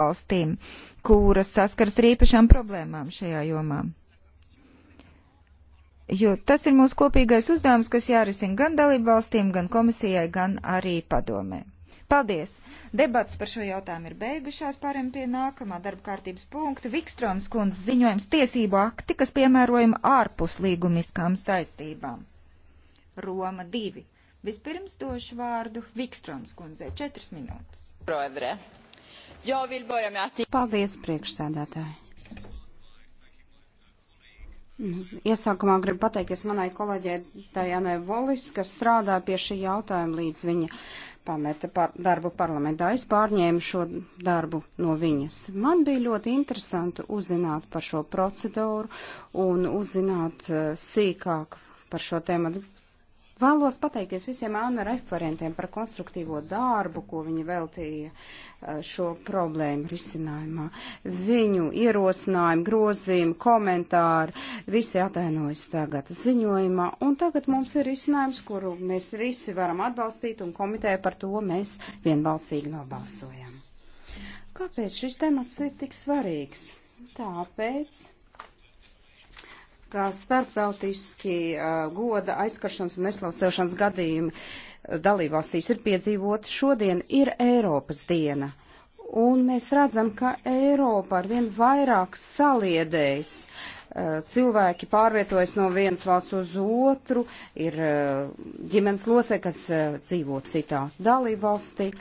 valstīm, kuras saskaras ar īpašām problēmām šajā jomā. Jo tas ir mūsu kopīgais uzdevums, kas jārisina gan dalību valstīm, gan komisijai, gan arī padomē. Paldies! Debats par šo jautājumu ir beigušās, pārējām pie nākamā darba kārtības punkta. Vikstroms kundze ziņojums tiesību akti, kas piemērojama ārpus līgumiskām saistībām. Roma 2. Vispirms došu vārdu Vikstroms kundzei. Četras minūtes. Prodre. Paldies, priekšsēdētāji. Iesākumā gribu pateikties manai kolēģei Dajanai Volis, kas strādā pie šī jautājuma līdz viņa pameta par darbu parlamentā. Es pārņēmu šo darbu no viņas. Man bija ļoti interesanti uzzināt par šo procedūru un uzzināt uh, sīkāk par šo tēmu. Vēlos pateikties visiem ANA referentiem par konstruktīvo darbu, ko viņi veltīja eh, šo problēmu risinājumā. Viņu ierosinājumi, grozījumi, komentāri, visi atainojas tagad ziņojumā, un tagad mums ir risinājums, kuru mēs visi varam atbalstīt, un komiteja par to mēs vienbalsīgi nobalsojam. Kāpēc šis temats ir tik svarīgs? Tāpēc, ka starptautiski uh, goda aizskaršanas un neslasēšanas gadījumi dalībvalstīs ir piedzīvoti. Šodien ir Eiropas diena. Un mēs redzam, ka Eiropa ar vien vairāk saliedējas. Uh, cilvēki pārvietojas no vienas valsts uz otru, ir uh, ģimenes locē, kas dzīvo citā dalībvalstī.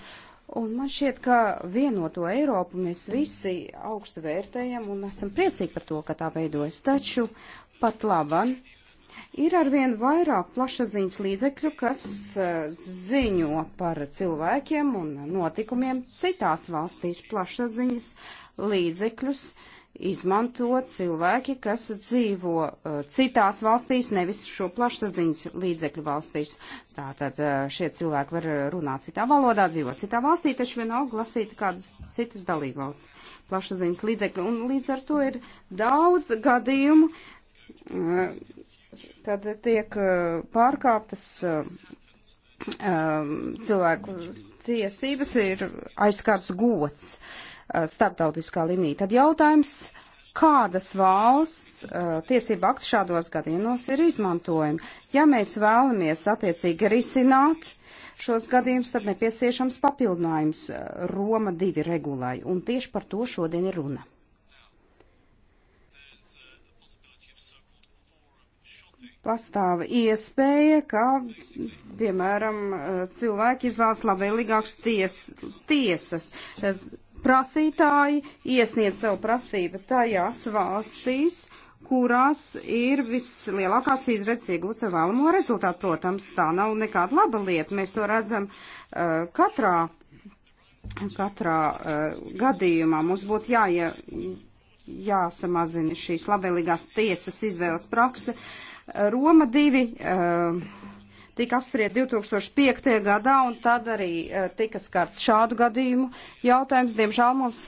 Un man šķiet, ka vienoto Eiropu mēs visi augstu vērtējam un esam priecīgi par to, ka tā veidojas. Taču uh, Pat laban ir arvien vairāk plašsaziņas līdzekļu, kas eh, ziņo par cilvēkiem un notikumiem citās valstīs. Plašsaziņas līdzekļus izmanto cilvēki, kas dzīvo eh, citās valstīs, nevis šo plašsaziņas līdzekļu valstīs. Tātad eh, šie cilvēki var runāt citā valodā, dzīvot citā valstī, taču vienalga lasīt kādas citas dalībvalsts plašsaziņas līdzekļu. Un līdz ar to ir daudz gadījumu, tad tiek uh, pārkāptas uh, um, cilvēku tiesības, ir aizskārts gods uh, starptautiskā līmenī. Tad jautājums, kādas valsts tiesība akti šādos gadījumos ir izmantojami. Ja mēs vēlamies attiecīgi risināt šos gadījumus, tad nepieciešams papildinājums Roma divi regulai, un tieši par to šodien ir runa. pastāv iespēja, ka, piemēram, cilvēki izvēlas labvēlīgākas ties, tiesas. Prasītāji iesniedz savu prasību tajās valstīs, kurās ir vislielākās izredzes iegūt sev vēlamo rezultātu. Protams, tā nav nekāda laba lieta. Mēs to redzam uh, katrā, katrā uh, gadījumā. Mums būtu jāie, jāsamazina šīs labvēlīgās tiesas izvēles prakse. Uh, Roma 2 eh, tika apspriest 2005. gadā, un tad arī eh, tika skarts šādu gadījumu jautājums. Diemžēl mums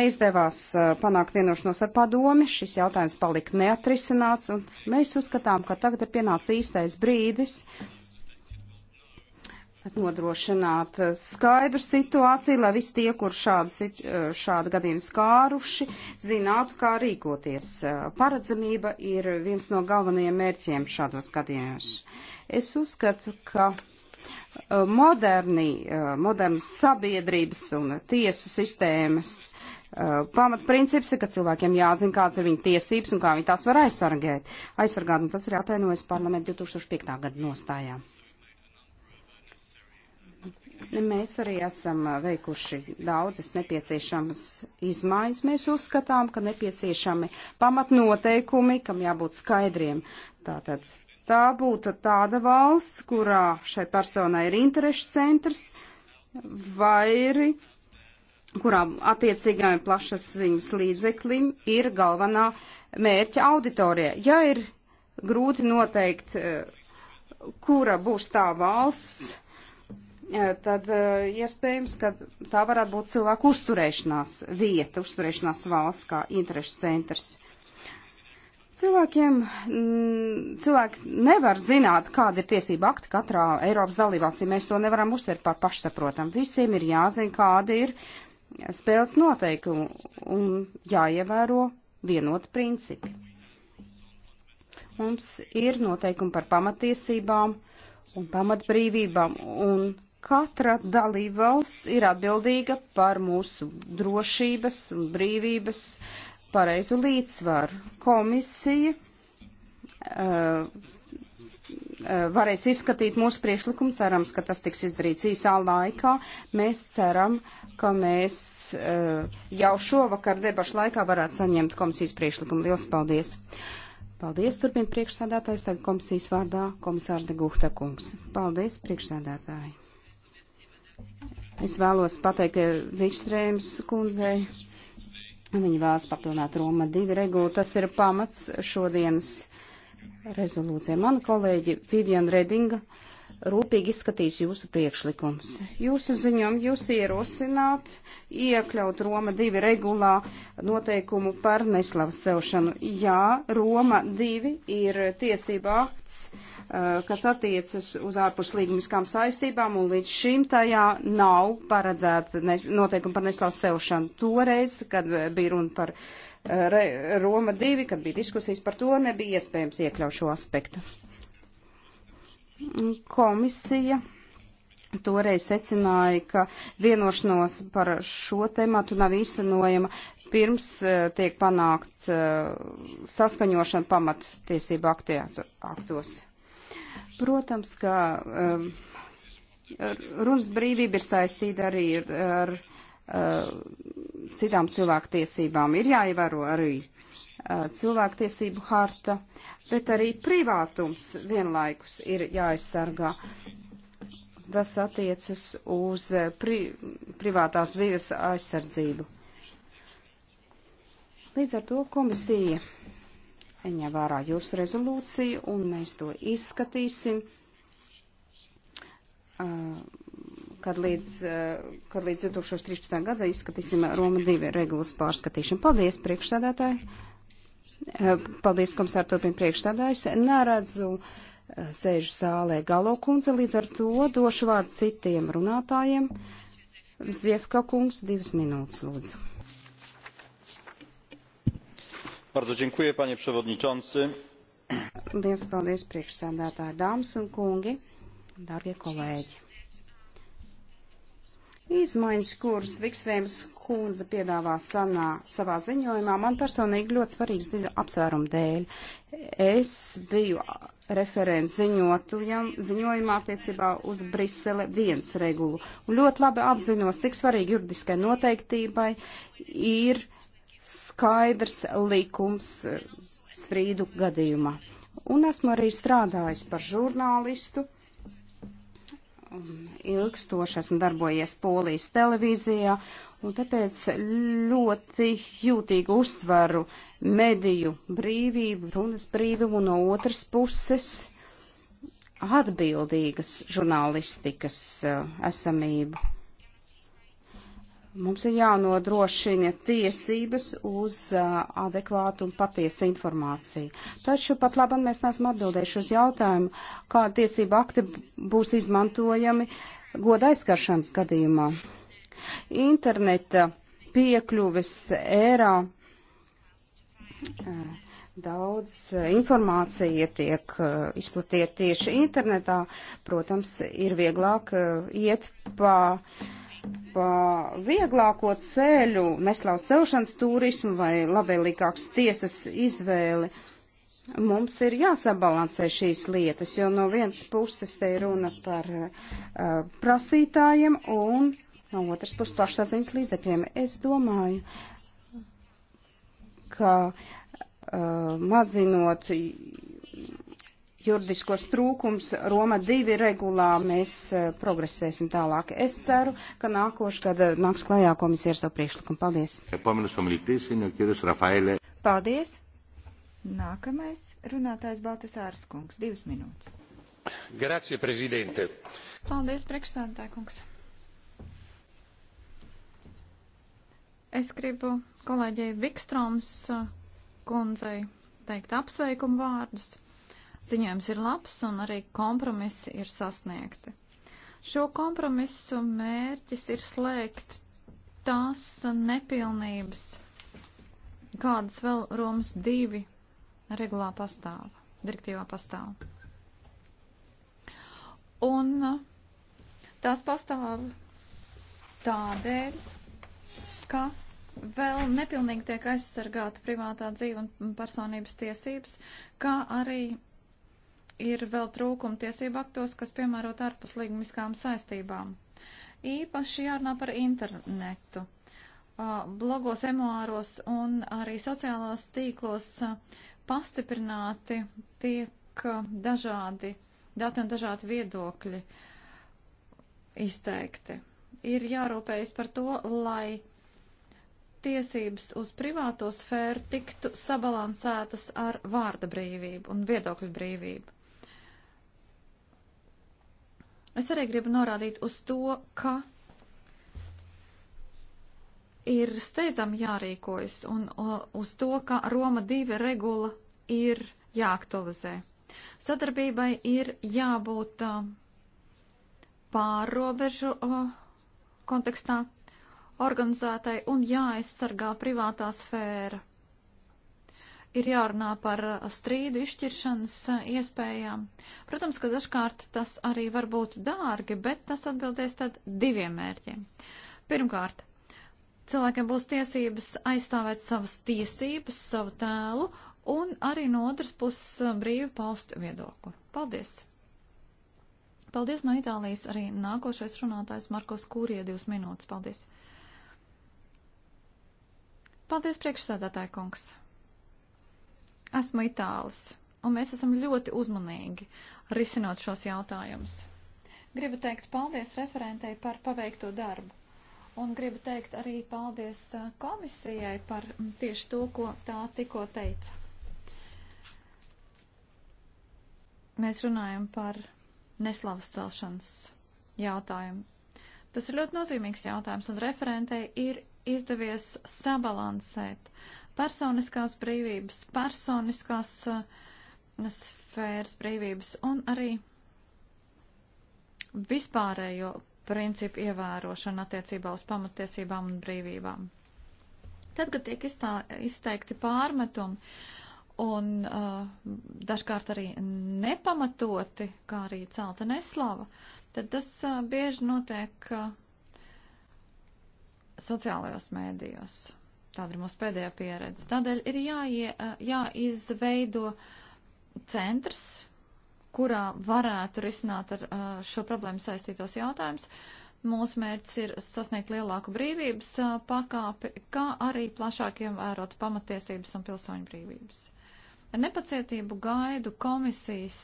neizdevās eh, panākt vienošanos ar padomi, šis jautājums palika neatrisināts, un mēs uzskatām, ka tagad ir pienācis īstais brīdis nodrošināt eh, skaidru situāciju, lai visi tie, kur šādu, eh, šādu gadījumu skāruši, zinātu, kā rīkoties. Eh, paredzamība ir viens no galvenajiem mērķiem šādos gadījumos. Es uzskatu, ka moderni, modernas sabiedrības un tiesu sistēmas pamatprincips ir, ka cilvēkiem jāzina, kāds ir viņu tiesības un kā viņi tās var aizsargēt. aizsargāt, un tas ir atainojis parlamentu 2005. gada nostājā. Mēs arī esam veikuši daudzas nepieciešamas izmaiņas. Mēs uzskatām, ka nepieciešami pamatnoteikumi, kam jābūt skaidriem. Tātad tā būtu tāda valsts, kurā šai personai ir interešu centrs vai ir kurā attiecīgajam plašas ziņas līdzeklim ir galvenā mērķa auditorija. Ja ir grūti noteikt, kura būs tā valsts, tad iespējams, ka tā varētu būt cilvēku uzturēšanās vieta, uzturēšanās valsts kā interešu centrs. Cilvēkiem, cilvēki nevar zināt, kāda ir tiesība akti katrā Eiropas dalībvalstī. Mēs to nevaram uztvert par pašsaprotam. Visiem ir jāzina, kāda ir spēles noteikumi un jāievēro vienoti principi. Mums ir noteikumi par pamatiesībām un pamatbrīvībām, un Katra dalībvalsts ir atbildīga par mūsu drošības un brīvības pareizu līdzsvaru. Komisija uh, varēs izskatīt mūsu priekšlikumu. Cerams, ka tas tiks izdarīts īsā laikā. Mēs ceram, ka mēs eh, jau šovakar debašu laikā varētu saņemt komisijas priekšlikumu. Lielas paldies! Paldies, turpina priekšsādātājs, tagad komisijas vārdā komisārs Degūhta kungs. Paldies, priekšsādātāji! Es vēlos pateikt Vikstrēmas kundzei. Viņa vēlas papilnāt Roma divi regulu. Tas ir pamats šodienas rezolūcijai. Mana kolēģi Viviana Redinga rūpīgi izskatīs jūsu priekšlikums. Jūsu ziņom jūs ierosināt iekļaut Roma 2 regulā noteikumu par neslavas celšanu. Jā, Roma 2 ir tiesība akts Eh, kas attiecas uz ārpus līgumiskām saistībām, un līdz šim tajā nav paredzēta noteikuma par nestāstu selšanu. Toreiz, kad bija runa par eh, Re, Roma 2, kad bija diskusijas par to, nebija iespējams iekļaut šo aspektu. Komisija toreiz secināja, ka vienošanos par šo tematu nav īstenojama pirms uh, tiek panākt uh, saskaņošana pamat tiesību aktos. Protams, ka um, runas brīvība ir saistīta arī ar, ar uh, citām cilvēktiesībām. Ir jāievēro arī uh, cilvēktiesību harta, bet arī privātums vienlaikus ir jāaizsargā. Tas attiecas uz uh, pri, privātās dzīves aizsardzību. Līdz ar to komisija ņem vērā jūsu rezolūciju un mēs to izskatīsim, kad līdz, kad līdz 2013. gada izskatīsim Roma 2 regulas pārskatīšanu. Paldies, priekšsēdētāji! Paldies, komisār, turpin priekšstādājs. Neredzu sēžu zālē galo kundze, līdz ar to došu vārdu citiem runātājiem. Ziefka kungs, divas minūtes, lūdzu. Bardzo dziękuję, panie przewodniczący. Liels paldies priekšsēdētāji, dāmas un kungi, dārgie kolēģi. Izmaiņas, kuras Vikstrēmas kundze piedāvā sanā, savā ziņojumā, man personīgi ļoti svarīgs divu apsvērumu dēļ. Es biju referents ziņotujam, ziņojumā attiecībā uz Brisele viens regulu. Un ļoti labi apzinos, cik svarīgi juridiskai noteiktībai ir uh, skaidrs likums strīdu gadījumā. Un esmu arī strādājis par žurnālistu. Ilgstoši esmu darbojies Polijas televīzijā, un tāpēc ļoti jūtīgi uztveru mediju brīvību, runas brīvību, un no otras puses atbildīgas žurnālistikas uh, esamību Mums ir jānodrošina tiesības uz uh, adekvātu un patiesu informāciju. Taču pat labam mēs neesam atbildējuši uz jautājumu, kāda tiesība akti būs izmantojami goda aizskaršanas gadījumā. Interneta piekļuves ērā uh, daudz uh, informācija tiek izplatīta tieši internetā. Protams, ir vieglāk iet pa. Uh, pa vieglāko ceļu, neslavu sevšanas turismu vai labvēlīgākas tiesas izvēli. Mums ir jāsabalansē šīs lietas, jo no vienas puses te ir runa par uh, prasītājiem un no otras puses plašsaziņas līdzekļiem. Es domāju, ka uh, mazinot juridiskos trūkums Roma 2 regulā mēs e, progresēsim tālāk. Es ceru, ka nākošgad e, nāks klajā komisija ar savu priekšlikumu. Paldies! Paldies! Nākamais runātājs Baltasārs kungs, divas minūtes. Grazie, prezidente! Paldies, priekšsādātāj kungs! Es gribu kolēģei Vikstroms e, kundzei teikt apsveikumu vārdus Ziņojums ir labs un arī kompromisi ir sasniegti. Šo kompromisu mērķis ir slēgt tās nepilnības, kādas vēl Romas divi regulā pastāv, direktīvā pastāv. Un uh, tās pastāv tādēļ, ka vēl nepilnīgi tiek aizsargāta privātā dzīve un personības tiesības, kā arī ir vēl trūkumi tiesību aktos, kas piemērot ārpus līgumiskām saistībām. Īpaši jārunā par internetu. Blogos, emuāros un arī sociālos tīklos pastiprināti tiek dažādi dati un dažādi viedokļi izteikti. Ir jārūpējas par to, lai tiesības uz privāto sfēru tiktu sabalansētas ar vārda brīvību un viedokļu brīvību. Es arī gribu norādīt uz to, ka ir steidzami jārīkojas un uz to, ka Roma 2 regula ir jāaktualizē. Sadarbībai ir jābūt pārrobežu kontekstā organizētai un jāaizsargā privātā sfēra ir jārunā par strīdu izšķiršanas eh, iespējām. Protams, ka dažkārt tas arī var būt dārgi, bet tas atbildēs tad diviem mērķiem. Pirmkārt, cilvēkiem būs tiesības aizstāvēt savas tiesības, savu tēlu un arī no otras puses eh, brīvi paust viedokli. Paldies! Paldies no Itālijas arī nākošais runātājs Markos Kūrie divas minūtes. Paldies! Paldies priekšsēdētāji kungs! Esmu itālis, un mēs esam ļoti uzmanīgi risinot šos jautājumus. Gribu teikt paldies referentei par paveikto darbu. Un gribu teikt arī paldies uh, komisijai par mm, tieši to, ko tā tikko teica. Mēs runājam par neslavas celšanas jautājumu. Tas ir ļoti nozīmīgs jautājums, un referentei ir izdevies sabalansēt uh, personiskās brīvības, personiskās uh, sfēras brīvības un arī vispārējo principu ievērošanu attiecībā uz pamatiesībām un brīvībām. Tad, kad tiek iztā, izteikti pārmetumi un uh, dažkārt arī nepamatoti, kā arī celta neslava, tad tas uh, bieži notiek uh, sociālajos mēdījos. Tāda ir mūsu pēdējā pieredze. Tādēļ ir jāie, jāizveido centrs, kurā varētu risināt ar šo problēmu saistītos jautājumus. Mūsu mērķis ir sasniegt lielāku brīvības pakāpi, kā arī plašāk ievērot pamatiesības un pilsoņu brīvības. Ar nepacietību gaidu komisijas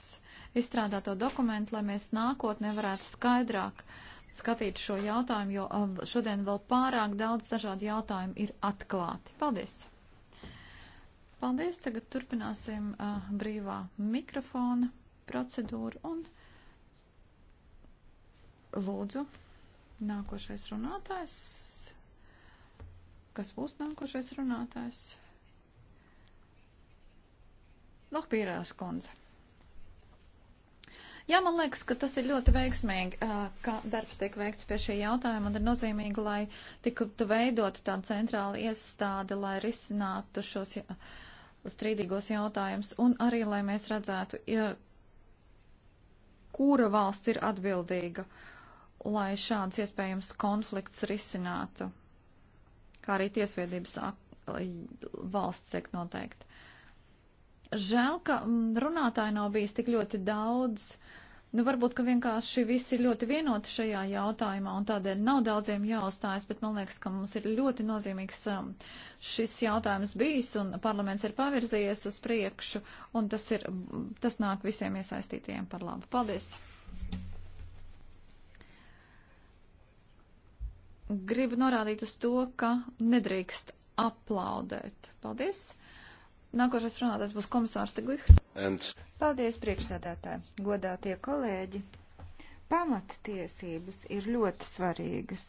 izstrādāto dokumentu, lai mēs nākotnē varētu skaidrāk uh, skatīt šo jautājumu, jo uh, šodien vēl pārāk daudz dažādu jautājumu ir atklāti. Paldies! Paldies! Tagad turpināsim uh, brīvā mikrofona procedūru un lūdzu nākošais runātājs. Kas būs nākošais runātājs? Lohpīrās kundze. Jā, man liekas, ka tas ir ļoti veiksmīgi, ka darbs tiek veikts pie šī jautājuma un ir nozīmīgi, lai tiktu veidota tāda centrāla iestāde, lai risinātu šos strīdīgos jautājumus un arī, lai mēs redzētu, ja, kura valsts ir atbildīga, lai šāds iespējams konflikts risinātu, kā arī tiesviedības valsts tiek noteikti. Žēl, ka mm, runātāji nav bijis tik ļoti daudz. Nu, varbūt, ka vienkārši visi ir ļoti vienoti šajā jautājumā, un tādēļ nav daudziem jāuzstājas, bet man liekas, ka mums ir ļoti nozīmīgs um, šis jautājums bijis, un parlaments ir pavirzījies uz priekšu, un tas, ir, mm, tas nāk visiem iesaistītajiem par labu. Paldies! Gribu norādīt uz to, ka nedrīkst aplaudēt. Paldies! Nākošais runātājs būs komisārs Teguihts. And... Paldies, priekšsēdētāji, godātie kolēģi. Pamattiesības ir ļoti svarīgas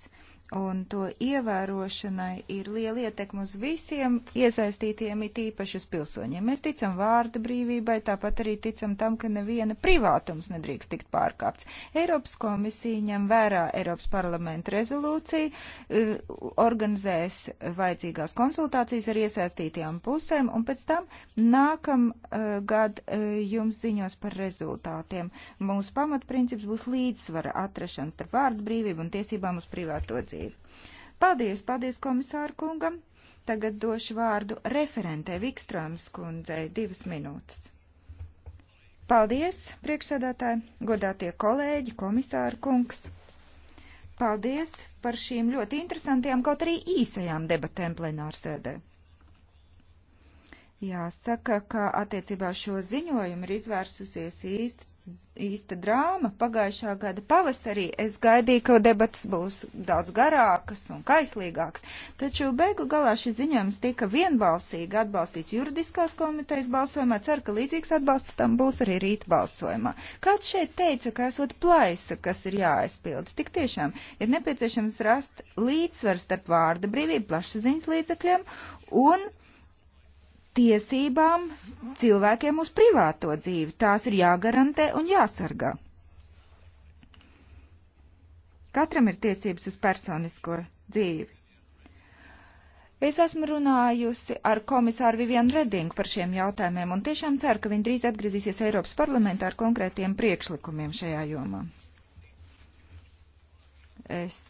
un to ievērošanai ir liela ietekma uz visiem iesaistītiem, it īpaši uz pilsoņiem. Mēs ticam vārda brīvībai, tāpat arī ticam tam, ka neviena privātums nedrīkst tikt pārkāpts. Eiropas komisija ņem vērā Eiropas parlamenta rezolūciju, eh, organizēs vajadzīgās konsultācijas ar iesaistītajām pusēm, un pēc tam nākam eh, gad eh, jums ziņos par rezultātiem. Mūsu pamatprincips būs līdzsvara atrašanas starp vārda brīvību un tiesībām uz privāto dzīvi. Paldies, paldies komisāru kungam. Tagad došu vārdu referentē Vikstrāmas kundzei divas minūtes. Paldies, priekšsēdētāji, godātie kolēģi, komisāru kungs. Paldies par šīm ļoti interesantajām, kaut arī īsajām debatēm plenārsēdē. Jāsaka, ka attiecībā šo ziņojumu ir izvērsusies īsta īsta drāma. Pagājušā gada pavasarī es gaidīju, ka debats būs daudz garākas un kaislīgākas, taču beigu galā šis ziņojums tika vienbalsīgi atbalstīts juridiskās komitejas balsojumā. Ceru, ka līdzīgs atbalsts tam būs arī rīt balsojumā. Kāds šeit teica, ka esot plaisa, kas ir jāaizpilda, tik tiešām ir nepieciešams rast līdzsvaru starp vārda brīvību plašsaziņas līdzekļiem un tiesībām cilvēkiem uz privāto dzīvi. Tās ir jāgarantē un jāsargā. Katram ir tiesības uz personisko dzīvi. Es esmu runājusi ar komisāru Vivianu Redingu par šiem jautājumiem un tiešām ceru, ka viņa drīz atgriezīsies Eiropas parlamentā ar konkrētiem priekšlikumiem šajā jomā. Es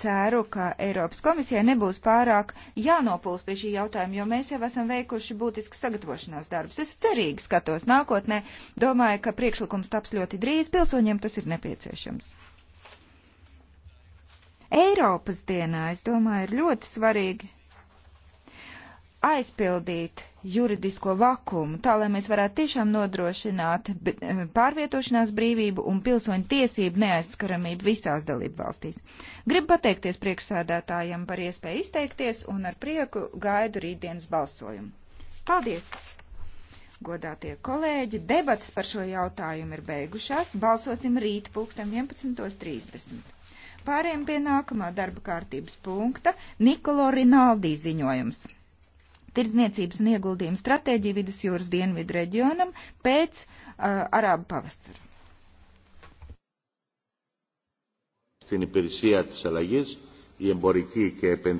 ceru, ka Eiropas komisijai nebūs pārāk jānopūs pie šī jautājuma, jo mēs jau esam veikuši būtisku sagatavošanās darbus. Es cerīgi skatos nākotnē, domāju, ka priekšlikums taps ļoti drīz, pilsoņiem tas ir nepieciešams. Eiropas dienā, es domāju, ir ļoti svarīgi aizpildīt juridisko vakumu, tā lai mēs varētu tiešām nodrošināt eh, pārvietošanās brīvību un pilsoņu tiesību neaizskaramību visās dalību valstīs. Gribu pateikties priekšsēdētājiem par iespēju izteikties un ar prieku gaidu rītdienas balsojumu. Paldies! Godātie kolēģi, debatas par šo jautājumu ir beigušās. Balsosim rīt pulkstam 11.30. Pāriem pie nākamā darba kārtības punkta Nikolo Rinaldī ziņojums tirdzniecības un ieguldījumu stratēģiju vidusjūras dienvidu reģionam pēc uh, Arābu pavasara. Στην υπηρεσία της αλλαγής, η εμπορική και επενδυτική